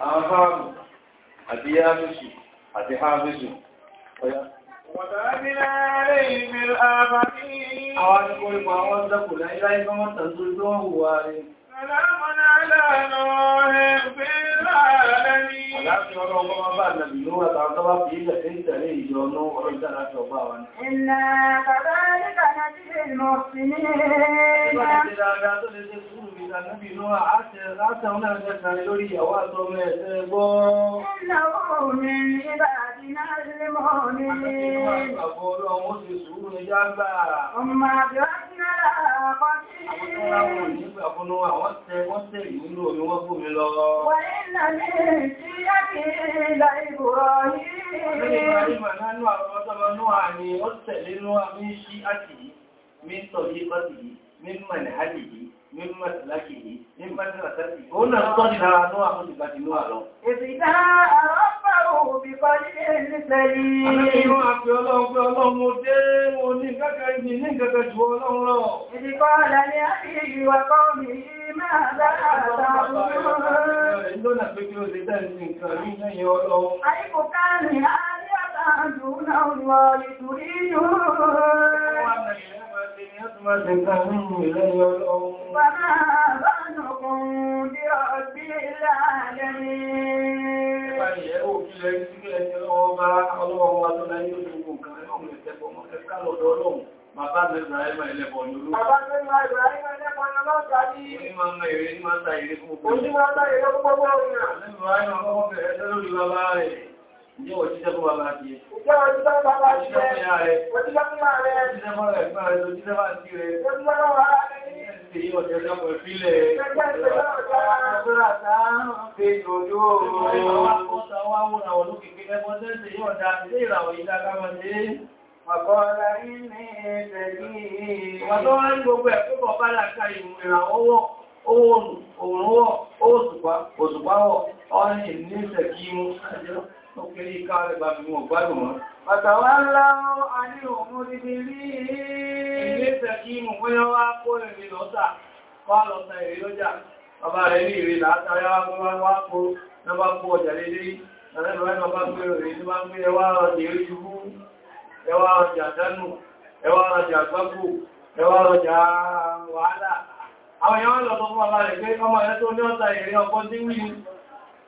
àhámù àti yáàmùsù àti háàmùsù ọ̀yá. Wàtàbílá rẹ̀ ìfẹ́ àbáyé. Àwọn akẹ́kọ̀ọ́ ipò àwọn ọ̀dọ́kù láíláí fún wọ́n tàbí tó ń hùwà rẹ̀. Àlámọ́nà aláàánú rẹ̀ fẹ́ láàárẹ́ ní. Àláàfin ọlọ́wọ́ máa bá àdàbì ló wà tàbí tọ́wà fi ilẹ̀ sí ìjọ ọ̀nà ọ̀rọ̀ ìdára tí wa ní. Ìnà ànábì náà látàwọn àjẹ́kàrin lórí ìyàwó àtọ́mọ ẹ̀sẹ̀ gbọ́. Ìlàwó mi nígbà àti náà lè mọ́ ní. Àbọ̀ ọlọ́run ó ti sùúrù ní jágbà. Ọmọ àbí wá sí náà àpọ̀ sí. Àwọn ìgbà fún wọn tẹ wọ́n tẹ ìwúlò ni wọ́n fún mi lọ. Wọ́n ìlànà sí yàkí ìlà ìbòrọ̀ yìí. Wọ́n ní ìgbà nínú àwọn ọjọ́ mímọ̀ ìhálì yìí mímọ̀ ìláàkì yìí mímọ̀ ìrọ̀sẹ́sì ó náà tọ́ ní ara lọ́wọ́ àwọn ìgbà tí lọ́wọ́ lọ. ìsìdá àrọ́pà òbí kọjú ní sẹ́lí. àmẹ́yìn wọn àfi ọlọ́run pé ọlọ́run ó dé wọn ní gẹ́gẹ́ ní ní ni a fi ìwà kọ́ mi máa dára àtàwọn ọlọ́run. ìlónà pé kí ó ṣe dá ní nǹkan Bàbá mẹ́rin àìmà ẹlẹ́bọ̀ ní olú. Bàbá mẹ́rin àìmà ẹlẹ́bọ̀ ní ọlọ́gbà ní. Ní máa ń mẹ́rin ní máa ń ta ìrẹ́kùn gbogbo. Ó ní máa ń ta ìrẹ́kùn gbogbo ọ̀rìn. Àìmà ẹlẹ́bọ̀ bẹ̀rẹ̀ lórí bàbá rẹ̀. Ǹjẹ́ òjíṣẹ́ fún bàbá ti ẹ? Ǹjẹ́ òjíṣẹ́ fún bàbá ti ẹ? Òjíṣẹ́ fún ìyá rẹ̀? Òjíṣẹ́ fún ìyá rẹ̀? Òjíṣẹ́ fún ẹ̀gbọ́n rẹ̀? Òjíṣẹ́ fún àti rẹ̀? Òjíṣẹ́ fún ọ̀rọ̀ rẹ̀ ní? Ṣé yóò Wọ́n tó wá gbogbo bá wọ́, wọ́, ọ́rin ní ìṣẹ̀kí mú. Òkèrè ìká rẹ̀ bá fi mú ọgbádùn wọn. Àtàwà ńlá àní òun ti fi rí ilé ìfẹ́ kí mú pé wọ́n wá kó èrè lọ́ta, wá lọ́ta èrè lọ́jà. Bàbá rẹ̀ ní ìrè látàrí wá kó lọ́bá kó ọjà lélé. Ẹ̀rẹ́bẹ̀rẹ́ bá gbé èrè ní bá gbé ẹwà ọjà ìrìjú, ẹwà ọjà dánù, ẹwà ọjà gbágbò, ẹwà ọjà wàhálà. Àwọn èèyàn lọ sọ fún bàbá rẹ̀ pé ọmọ ẹ̀ tó ní ọ̀ta èrè ọkọ̀ tí wí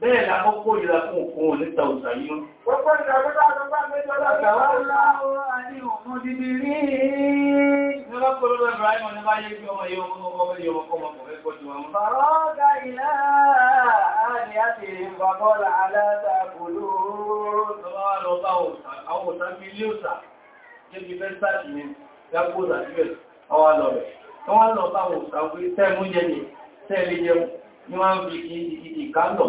bẹ́ẹ̀ la ó kó ìlà fún òkun ò níta òsà yíó. Gbogbo ìdàgbẹ́ta tó bá mẹ́jọ lọ́gbàwà láwọ́ àní òun dídí rí. Ìjọlọ́pọ̀lọ́dọ̀ Ibrahim ní bá yé bí ọmọ yóò mú ọmọ yóò mọ́ ọmọ kò fẹ́ kọjú wọn. Bàrọ́ ọ̀gá ìlà àárín àti ìbàbọ́là alátàkùlù. Tọ́lá wà lọ bá àwọn òsà bí ilé òsà, jẹ́ bí fẹ́ sáàtì ni, yàgbó òsà síbẹ̀, ọwà lọ rẹ̀. Tọ́wà lọ bá àwọn òsà wí tẹ́ mú yẹ ni, tẹ́ lè yẹ mú ni wọ́n fi kàndọ̀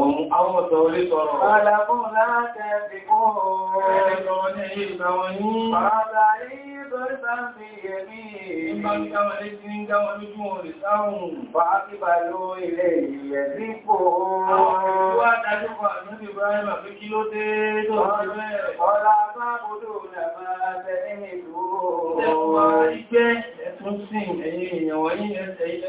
wọn mú àwọn ọ̀sọ̀ orí sọ̀rọ̀ alábùn láti ẹ̀sìn kó ẹ̀rọ ní ìgbà wọn ní ọ̀rọ̀ ìgbẹ̀rẹ̀ bá ń fi ẹ̀mí ìgbà ń gbà wọn ní ti ń ní fún orí sáhùn bá ti bá ló ilé ìyẹ̀ sípò wọ́n dájú kọ àdúgbò Ibrahim àfi kí ló dé tó ọ̀rẹ́ ọ̀lá bá bodò làmà tẹ́ nínú ìlú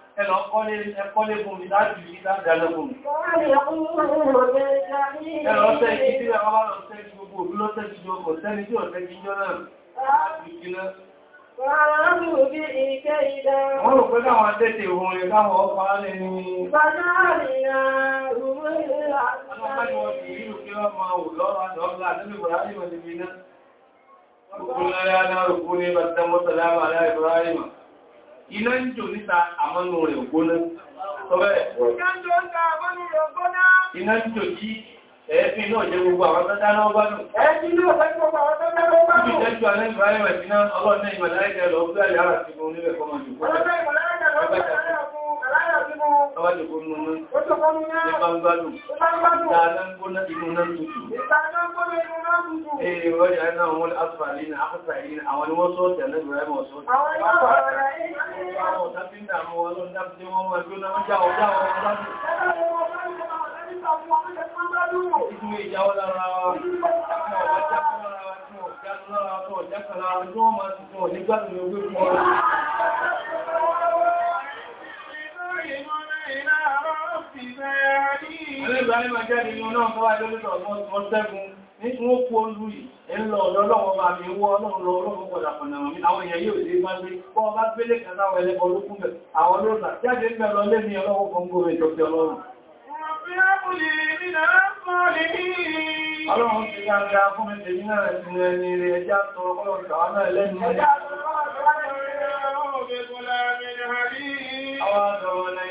ẹlọ kọ́lé fún mi láti yí dáadáa fún mi. Ẹlọ ọ̀sẹ̀ ìkí tí àwọn ọlọ́ ọ̀sẹ̀ ìkí gbogbo òbí lọ́sẹ̀ ìjọ ọkọ̀ sẹ́ni tí ọ̀sẹ̀ ìjọ náà láti ìjìnà. Wọ́n rò pé káwọn tẹ́tẹ̀ ohun rẹ̀ káwọn ọkọ̀ alẹ́ ni. Bàbá àrìnà òun rẹ̀ àti ọ̀pẹ́ wọn kì í rò pé wọ́n máa wò lọ́rọ̀ àdọ́gbà àdébìbọ̀lá ní ìwọ̀n ti fi náà. Ó kú lára náà rò kú ní Bàtẹ́mọ́sọ̀lá iná ń jò níta àmọ́nú rẹ̀ ògbóná iná ń jò jí ẹ̀ẹ́fin náà jẹ gbogbo àwọn tó dáná ọgbádùn ẹ̀ẹ́fin náà jẹ gbogbo àwọn tó dáná ọgbádùn ìjẹ́jú alẹ́ ìbáyẹ̀wẹ̀ sí náà ọlọ́ọ̀nà ìmọ̀lẹ́ nípa ń gbádùn dáadáa ń gbóná inú náà tutù ee wọ́n yà náà wọ́n asfàlì náà afẹ́sàlì náà àwọn ni wọ́n sọ tẹ̀lé ìrẹ́ mọ̀ sọ Ìgbé ìyàwó lára wa, ọ̀pọ̀ ọ̀pọ̀ jákàlára tó jákàlára tó wọ́n máa ti fún ọ̀ nígbàtí ó gbé fún ọ̀rọ̀. إلى ربنا عليم Ẹlẹ́gbàá ní máa jẹ́ nínú náà fọ́wàá lórílọ̀ ọmọ ṣẹ́gun ní tí wọ́n kú olú yìí, ń lọ ọ̀lọ́lọ́wọ́ máa mi wọ́ ọlọ́run lọ ọlọ́run pọ̀dà pọ̀nà mi, àwọn èèyàn yóò lè máa gbé, kọ́ bá gbélé kan láwọn ẹlẹ́bọ̀ olókún bẹ̀, àwọn olóòsà, jáde ń bẹ̀rọ lé ní ọlọ́wọ́ kan gbogbo ìjọba ọlọ́run. Ọlọ́run ti dáadáa fún mẹ́tẹ̀ nínú ẹ̀sìn ẹni rẹ̀ ẹjá tọrọ ọlọ́run tàwọn náà lẹ́nu ẹjá tọrọ ọlọ́run tàwọn náà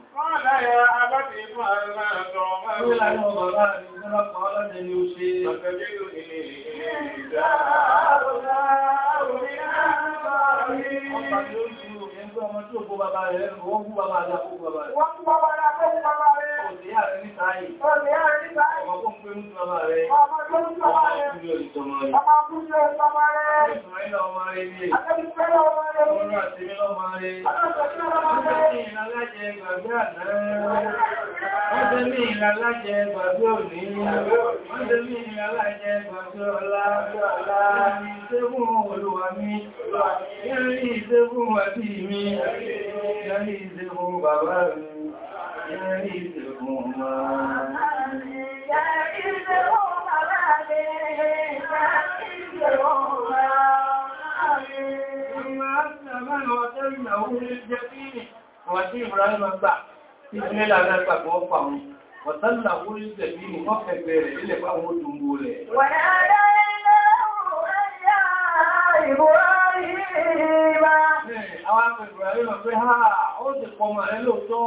Kọ́ọ̀lá ya abáti inú àrẹ́lá àtọ̀ ọmọ ẹgbẹ́ láàrín ọmọ láàrín ìjọ́lọ́pọ̀ ọlọ́dẹ̀ ni ó ṣe ọ̀tẹ̀lẹ́ ìlú ilé ìdáàrùn-ún ọmọ tí ó gbó bàbá rẹ̀ lẹ́nu wọ́n gbó bàbá rẹ̀ àkókò bàbá rẹ̀. Wọ́n gbó bàbá rẹ̀ àkókò bàbá rẹ̀. Òdí ààrẹ ní sáyé. Òdí ààrẹ ní sáyé. Ọmọ tó ń pé mú sí bàbá rẹ̀. Ọmọ tó ń pé mú sí bàbá rẹ̀. Ọmọ tó ń pé mú sí bàbá rẹ̀. Ọmọ tó ń pé mú sí bàbá rẹ̀. Ọmọ tó ń pé mú sí bàbá rẹ̀. Ọmọ tó ń pé mú sí bàbá rẹ̀. Ọmọ tó ń pé mú sí bàbá rẹ̀. Ọmọ tó ń pé mú sí bàbá rẹ̀. Ọmọ Wọ́n tẹ́ ní ìrànlájẹ gbàgbé òní, wọ́n tẹ́ ní ìrànlájẹ gbàgbé ọlá, ìrìn ìṣẹ́gun olúwa mi, ìrìn ìṣẹ́gun àti mi, ìrìn ìṣẹ́gun bàbá mi, ìrìn ìṣẹ́gun ọmọ. Ìrìn ìṣẹ́gun bàbá mi, ìrìn ìṣẹ́gun ọmọ. Ìrìn ìṣẹ́gun bàbá mi, ìrìn ọmọ ìsìnlẹ̀ alágbàgbọ́ fà wọn wọ̀tánlá orí ìjẹ̀bí ní wọ́n fẹ̀gbẹ̀ rẹ̀ ilẹ̀ fáwọn òdòǹgbò rẹ̀ Àwọn akẹ̀kọ̀ọ́ rẹ̀ lọ pé ha, ó ti pọ̀ mọ̀ rẹ̀ lóòtọ́.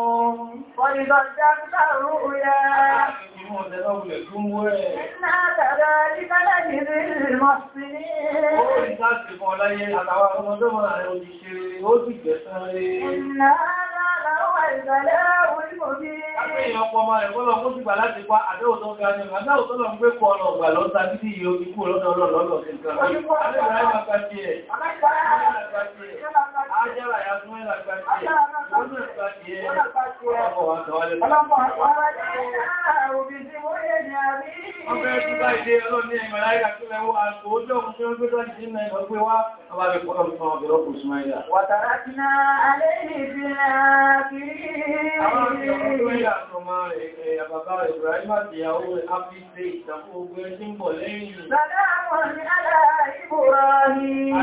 Wọ́n ni lọ jẹ́ ń tàrú rẹ̀. Ìmọ̀ ọ̀dẹ̀ lọ́wọ́lẹ̀ tó mú rẹ̀. Ní àtàrà ìkálẹ̀ nìrí mọ̀ sí ní. Ó rí sáàtì mọ̀ láyé àtàwà ọmọdé mọ̀ Akéèyàn ọpọ ọmọ rẹ̀ gbọ́lọ̀ fún ìgbà láti pa àdéhùn tó ga ní ọ̀gá náà tó lọ ń gbé pọ̀ ọ̀nà ọ̀gbà lọ́ta títí yìí ó ti kú lọ́dọ̀ ọlọ́lọ́lọ́ sí ìgbà. Adéhùn ayé àgbà tí ẹ̀. Ajẹ́rà ya fún ẹ̀rà àgbà tí ẹ̀. Ó jáde ọlọ́ni ẹ̀mọ̀lá ìràkúnlẹ̀wọ́ àpò ojú ọmọ tí ó ń gbé lọ́nà ìsinmi ọgbé wá àwàrí ọmọ ọ̀pọ̀lọpọ̀ ìsúnmọ̀ Wàtàrá ti náà alẹ́ ìrìnlẹ̀ kìí. Àwọn ọmọ ìyàtọ̀ máa rẹ̀ àbàbá ìbúráìmà ti yàwó rẹ̀ á fi ṣe ogun ẹjí ń bọ̀ lẹ́yìn. Bàbá àwọn ìrìnlẹ̀ ìbúráìmà.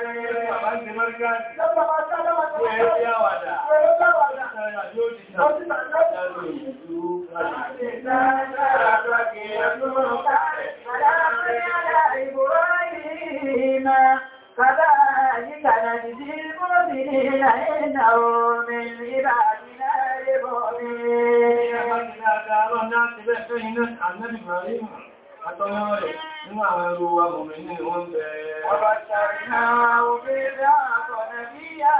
كذلك نجزي المؤمنين إنه من عبادنا المؤمنين àtọ́mọ́ rẹ̀ nínú àwọn ẹrù wa mọ̀mí ní wọ́n bẹ̀rẹ̀. Ọba ṣàrìnà òfin dáàtọ̀ nẹ̀bí yà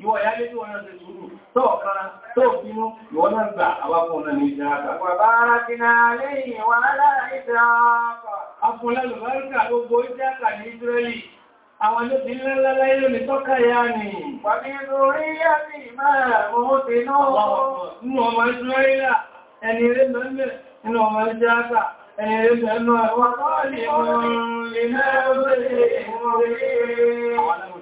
Ìwọ̀ ìyá lé tí wọ́n náà ṣe ṣúrù tó ọ̀kára tó bínú ìwọ̀n náà gbà àwápọ̀ náà ní ìjẹ́ àkà. Wà bá ara ti náà lè yìnwà láìjẹ́ àkà. Afúnlẹ́lù Mẹ́ríkà gbogbo ìjẹ́ àkà ní Ísírẹ́lì àwọn lóbi ńlá láyé lómi tọ́ka ya ni pàbí orí yá sí máa mọ́ ti náà nínú ọmọ ìsúnlẹ́lá ẹni rẹ̀ mẹ́mẹ́ nínú ọmọ ìjáàkà ẹni rẹ̀ mẹ́mọ́ àwọn tọ́ọ̀lì ọ̀rùn ìmẹ́ ọdún ìmọ̀ orí àwọn ọmọdé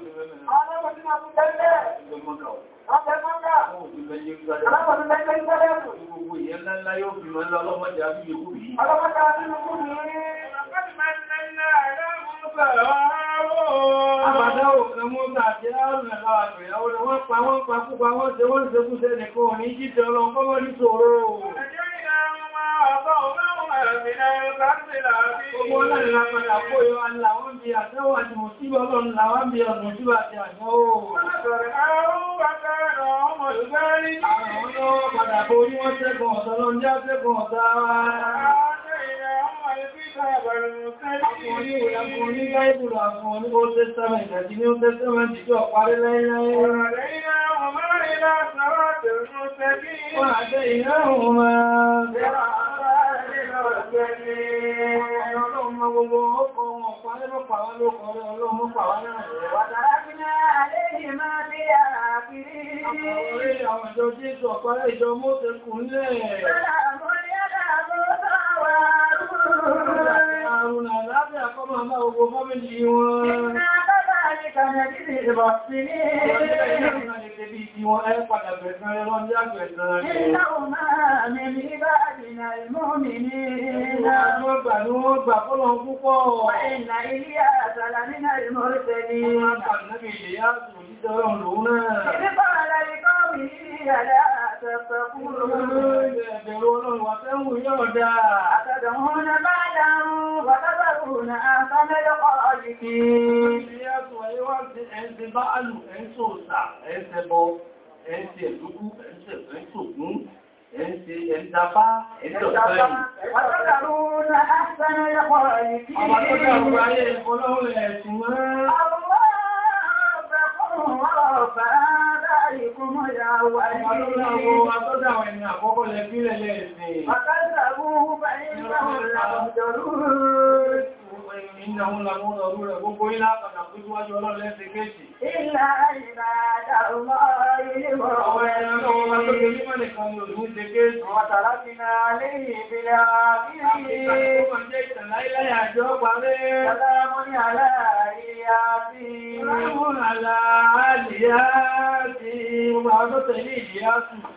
Àbàdá òkè mú tàbí àrùn ẹ̀lá àgbẹ̀yàwó rẹ̀ wọ́n pa wọ́n pa púpa wọ́n tẹ wọ́n ṣe kú sẹ́nì kan ní jíjẹ ọlọ́pọ́wọ́ ní ṣòro. Ẹjọ́ ìrìnà ọmọ ọ̀pọ̀ ọmọ ẹ̀mìnà ẹ̀lá sí làárí. Ọmọ ọlọ́rin lápàdà kó yọ aláwọ́n bí àtẹ́wà tí mo sí ọlọ́run láwọ́n bí ọ̀nà ojú àti àjọ́ òòrùn. Ọlọ́rin àwọn bàtà ẹ̀rọ ọmọ ìgbẹ́rí. Àwọn ọlọ́wọ́ padà borí wọ́n tẹ́gùn ọ̀sán lọ Gbogbo ọkọ̀ wọn ọ̀pá lẹ́lọ́pàá wọn ló kọ̀ ọ̀rẹ́ ọlọ́run pàwọn náà rẹ̀ wá dára kí náà àlẹ́ ìmá bí ààfin. Àwọn orí àwọn ìjọ Jésù ọ̀pá ìjọ mọ́ àrùn àlàáfíà kọ́ máa bá ogun fọ́mìlì wọn. Iná bábá àríkà Nàìjíríà ìbọ̀ sí ní Iná ọmọ mi ní bá àdìnà ìmọ́ mi ní ìlà. Ó gbà ní ó gbà fọ́lọ̀ púpọ̀. Wà ìlà ilé àtàlà nínà ìmọ̀ ìfẹ́ni. Ó gbà níbi ìyá àtùn Àtàdàwọn ọ̀nà báyìí. يكون أحسن الخالقين Ẹ̀ṣẹ̀ ọ̀fẹ́ yìí. Àtọ́dàrún náà àṣánà ẹ̀kọ́ rẹ̀ Àwọn ọ̀fẹ́kùnrin wà ní àkọ́kọ́ lẹ́fílẹ̀ lẹ́ẹ̀sìn. Àkọ́dàrún bá إنهم لمنظرون gbogbo ilá àtàkù síwájú ọlọ́lẹ́ ti kéèkì. Ilá ìrìnàdà ọmọ ìlú ọ̀rọ̀ ẹ̀rọ tó wọ́n tó lè mímọ̀ nìkan ni òun ti kéèkì. Wọ́n tàrá fi náà lè ìbílẹ̀ àbí ìrìn. Àwọn ọmọ jẹ́ ìtàlá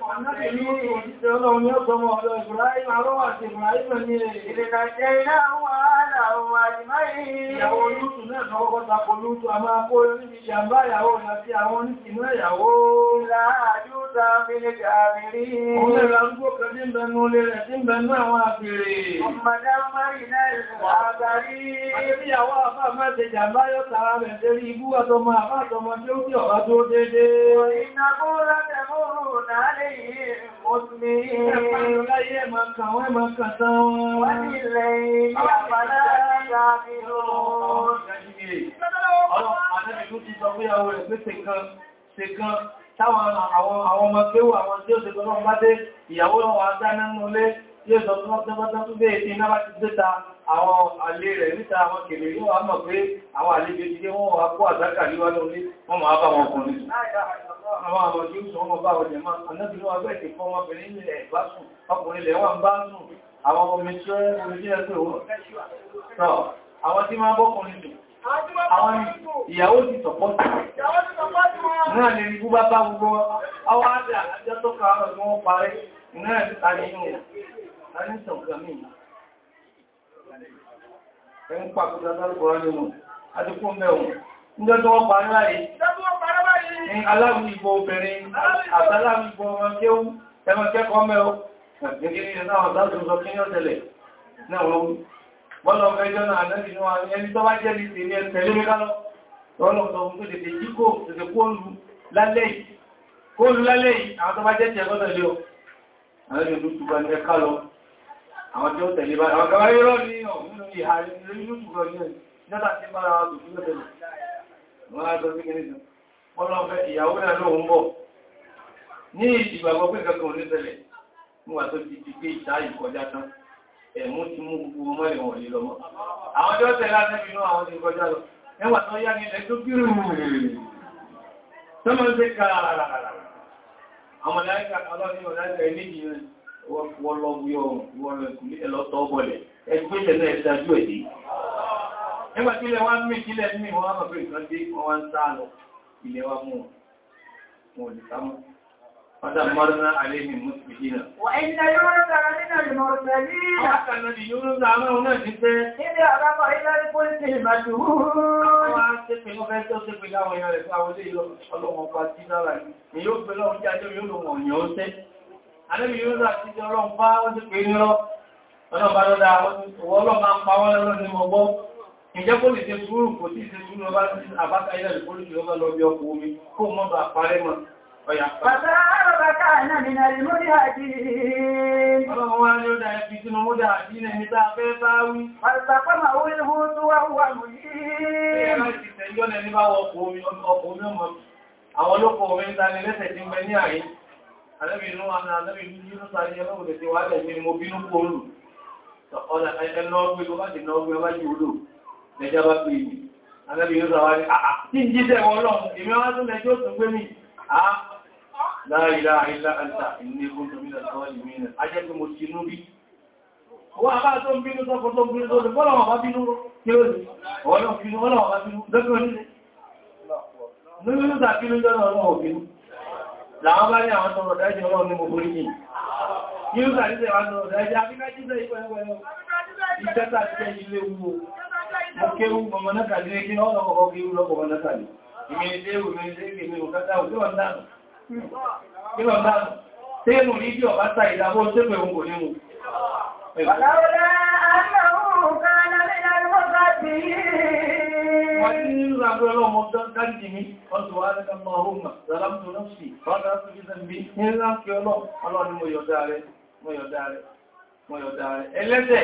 Ìyàwó olútù náà sọ́kọ́ tapọ̀ olútù a máa kó lórí ìjàmbá ìyàwó àti àwọn oníkìnú ìyàwó. Láàájú ta fi lè kàbìrí. Ọmọ ìrà ń gbó kan ní ìbẹnu olè rẹ̀ sí ìbẹnu àwọn àfèrè. Ọmọdá márì náà ìrìnlẹ̀ àgbàrí. Àjẹ́bí àwọn àfáà máa ṣe jàmbá yọ́ tààrà rẹ̀ lérí ibú àtọmọ àfáà tọmọ tí ó kí ọ̀bá tó dédé. Ìnàkó látẹ̀mọ́rùn-ún náà lè yìí المسلمين وبالليل أفلا تعقلون Ọlọ́run àdábì tó ti sọ fún ìyàwó rẹ̀ pé ṣe kan ṣe kan táwọn àwọn ọmọ kéwà àwọn tí ó ṣe gbọ́nà bá dé ìyàwó náà wà dáná nínú ilé yóò sọ fún ọjọ́bọ́tọ́ tó bẹ́ẹ̀ tí iná bá ti déta àwọn alé rẹ̀ níta àwọn kèrè yóò wà mọ̀ pé àwọn àlejò ti wọ́n wà kó àdákà níwájú ní wọ́n máa bá wọn kùnrin àwọn àwọn sọ ọmọ bá ọdẹ máa anábìnú agbẹ́ ìkọ́ ọmọbìnrin ilẹ̀ ìbásùn ọkùnrin ilẹ̀ wọ́n bá sùn àwọn ọmọ mẹ́ṣẹ́ orílẹ̀ pé wọ́n àwọn tí máa bọ́kùnrin lò àwọn ìyàwó ti sọ̀pọ̀ náà lè ti tàbí aláwìgbò obìnrin àtàláwìgbò ọmọ tí ó ẹmọ kẹ́kọ̀ọ́ mẹ́ọ gẹ́gẹ́ náà látúnsọ kí yọ́ tẹ̀lẹ̀ náà wọ́n bọ́lọ̀ ẹjọ́ náà lẹ́bìnú ẹni tó bá jẹ́ ní tèmi ẹ̀tẹ̀lẹ́ mẹ́kálọ́ lọ́lọ́tọ̀ ohun tó lè fi yíkò tètè kóòlù lálẹ́ yìí kóòlù lálẹ́ yìí àwọn tó bá jẹ́ tẹ̀kọ́ tẹ̀lé ọ àwọn èdè lóṣù bá ní ẹ̀ká lọ àwọn tí ó tẹ̀lé bá àwọn kàwárí rọ́ ní ọ̀hún ìhà ìlú lóṣù gọ̀ọ́yẹ̀ nígbà tí bára wa tòṣù lọ́tẹ̀lẹ̀ wọ́n á sọ sí kéré jù ọlọ́fẹ́ ìyàwó náà ló ń bọ̀ ní ìgbàgbọ́ pé onítẹ̀lẹ̀ ò wà tó ti pé ìta ìkọjá tán ẹ̀mú ti mú gbogbo ọmọ rẹ̀ wọ̀nyí lọ́mọ àwọn ọjọ́ àwọn ti kọjá lọ ẹwà tó yá ní ilẹ̀ tó kírù ilẹ̀ wa mú wọn ò lè ká mọ́. Fọ́dá mọ́rúnà àlémi mùsùlùmí náà. Wọ́n iná yóò rúnà nínú ìmọ̀rùnà ní ìlà. Ọkà náà ni yóò rúnà àwọn ọ̀nà ti pẹ́. Ilé àbápọ̀ ilé ní pólítì ìbàjú. Wọ́n á ṣe pé wọ́n fẹ́ tó ṣe pé láwọn èèyàn rẹ̀ fún àwọn ilé ọlọ́wọ́n pa sí lára ni. Ni yóò pẹ́ lọ́wọ́ jẹ́ ajọ́ yóò lòun ọ̀yàn ìjẹ́ kó lè ṣe sùúrù kò tí ṣe sùúrù ọba tí àbáta ilẹ̀ ìpolítì lọ́gbà lọ bí ọkọ̀ omi kó mọ́ bá parẹ́ mọ̀ ọ̀yà. àwọn olóko omi ń dání lẹ́sẹ̀ tí ń bẹ ní àyè. àlẹ́bí inú wa náà sáré ẹlọ́gbẹ̀ẹ́ tí wàá tẹ̀sí mo bínú kó lù. ọ̀la ẹ̀lọ́gbẹ̀ẹ́ ló bá ti lọ́gbẹ̀ẹ́ wáyé olóò lẹ́jọ́ bá pè mí anábì yóò sàwá ní àà tí ń jíṣẹ́ wọn lọ ìmẹ́ wá tún lẹ́jọ́ tún pé mi à láìlá ilá àìsà ìní ẹkùn tó mílẹ̀ sọ́wọ́ ìmìnà ajẹ́ pé mo ti nú bí wọ́n àbá tó ń bínú sọ́kọ́ tó ń bínú tó lè fọ́lọ̀ wọn bá bínú kí ó sì ọlọ́run bínú ọlọ́run bá bínú lọ́kọ́ nílé nínú sàkínú jọ́nà ọlọ́run òbínú làwọn bá ní àwọn tọrọ dájẹ́ ọlọ́run ní mo borí yìí nínú sàkínú jọ́nà ọlọ́run dájẹ́ àbíkájíṣẹ́ ìpẹ́ ẹwẹ́ ẹwẹ́ ìjẹ́ta jẹ́ ilé wúwo mo kéwú ọmọ náà lé kí wọ́n lọ́wọ́ kọ́ kéwú lọ́pọ̀ ọmọ náà lè ìmẹ́ ilé ìwé ilé ìwé òkátà òjò ọ̀dánù tẹ́lù ní bí ọ̀bá ta ìdàbọ̀ tó pẹ̀ òun kò ní mú ọ̀láwọ́lá aláwọ̀ kan lọ́lẹ́lá lọ́wọ́ bá ti rí wọ́n ní ìrìnàgbẹ́ ọlọ́mọ dájì mi ọdún wà ní kàmọ̀ ọ̀hún mà zalamtu ẹlẹ́sẹ̀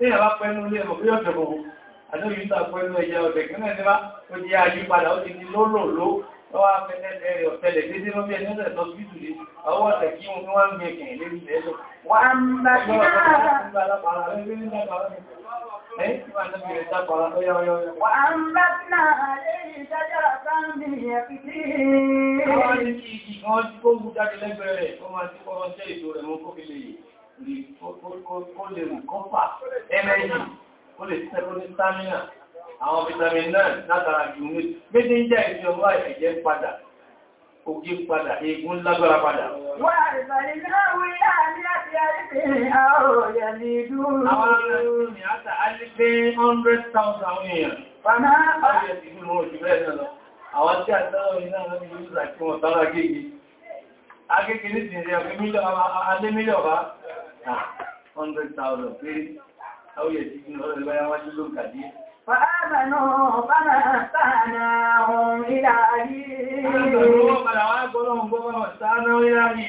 tí ẹ̀bá pẹ́nu ilé ẹ̀mọ̀ yóò tẹ̀bọ̀ àdóyìn tó àpẹ́nu ẹ̀yà ọ̀dẹ̀ kí náà níbá ó di àyípadà ó ti di lólòló lọ́wọ́ afẹ́lẹ́ ọ̀tẹ̀lẹ̀ dédé lọ́bí ẹni ọ̀tẹ̀ lọ sí ìtùlé ọwọ́ ọ̀tẹ̀ kí wọn ní wọ́n ń gbé kìí lérí ìtẹ́lẹ̀ wọ́n ń bá gbọ́ ọ̀tẹ̀ lápàá rẹ̀ rí ní rí kó lè rù e, kó fà ẹnẹ́yì ó lè sẹ́kọ́ ní stamina àwọn vitamin náà látara ju méjì ń jẹ́ ìdí ọmọ ẹ̀jẹ̀ padà ògì padà eégún lágbára padà. Wọ́n àrìbàlì náà wí láàrin láti àrífẹ́ àwọn òyà ní ìlú. Àwọn arìnrìn ni a ta àrífẹ́ 100,000 àwọn èèyàn. Bàná àríyẹ̀ ti gbìmọ̀ òjì bẹ́ẹ̀ náà lọ. Àwọn tí àtàwọn ìlú náà lọ́nà ìlú ìlú àti wọn tọ́lá gẹ́gẹ́. Agẹ́gẹ́ ní ti rí Ah, hundred thousand péré àwọn yẹ̀ sí kí wọ́n lè báyá wọ́n sí ló ń kàdí. Fàábànú bára sáànà ohun ìlàrí. Àwọn padà wá gbọ́rọ̀ gbọ́rọ̀ sáànà ìlàrí.